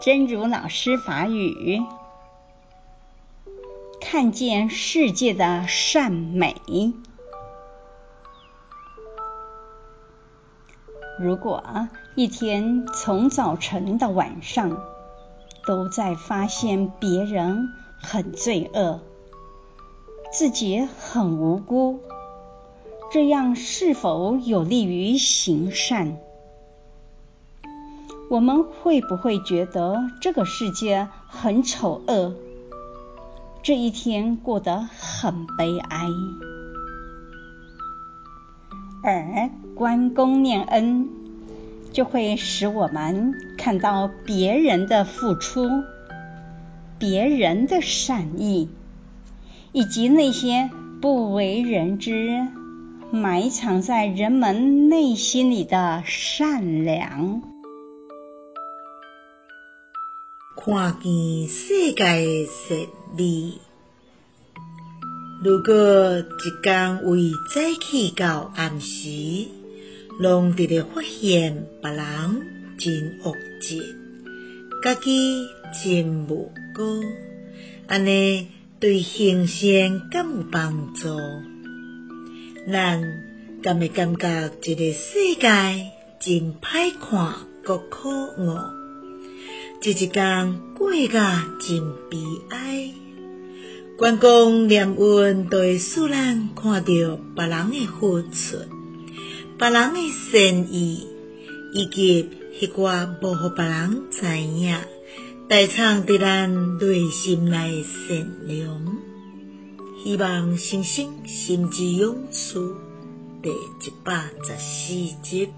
真如老師法語，看見世界的善美。如果一天從早晨到晚上都在發現別人很罪惡，自己很無辜，這樣是否有利於行善？我們會不會覺得這個世界很醜惡？這一天過得很悲哀。而觀功念恩，就會使我們看到別人的付出、別人的善意，以及那些不為人知、埋藏在人們內心裡的善良。看見世界的善美，如果一天為早起到暗時，攏佇咧發現別人真惡疾，家己真無辜，安尼對行善敢有幫助？咱敢會感覺這個世界真歹看，擱可惡。這一天過甲真悲哀。觀功念恩都會使咱看到別人的付出、別人的善意，以及迄寡無互別人知影，埋藏佇咱內心內的善良。希望新生心之勇士第一百十四集。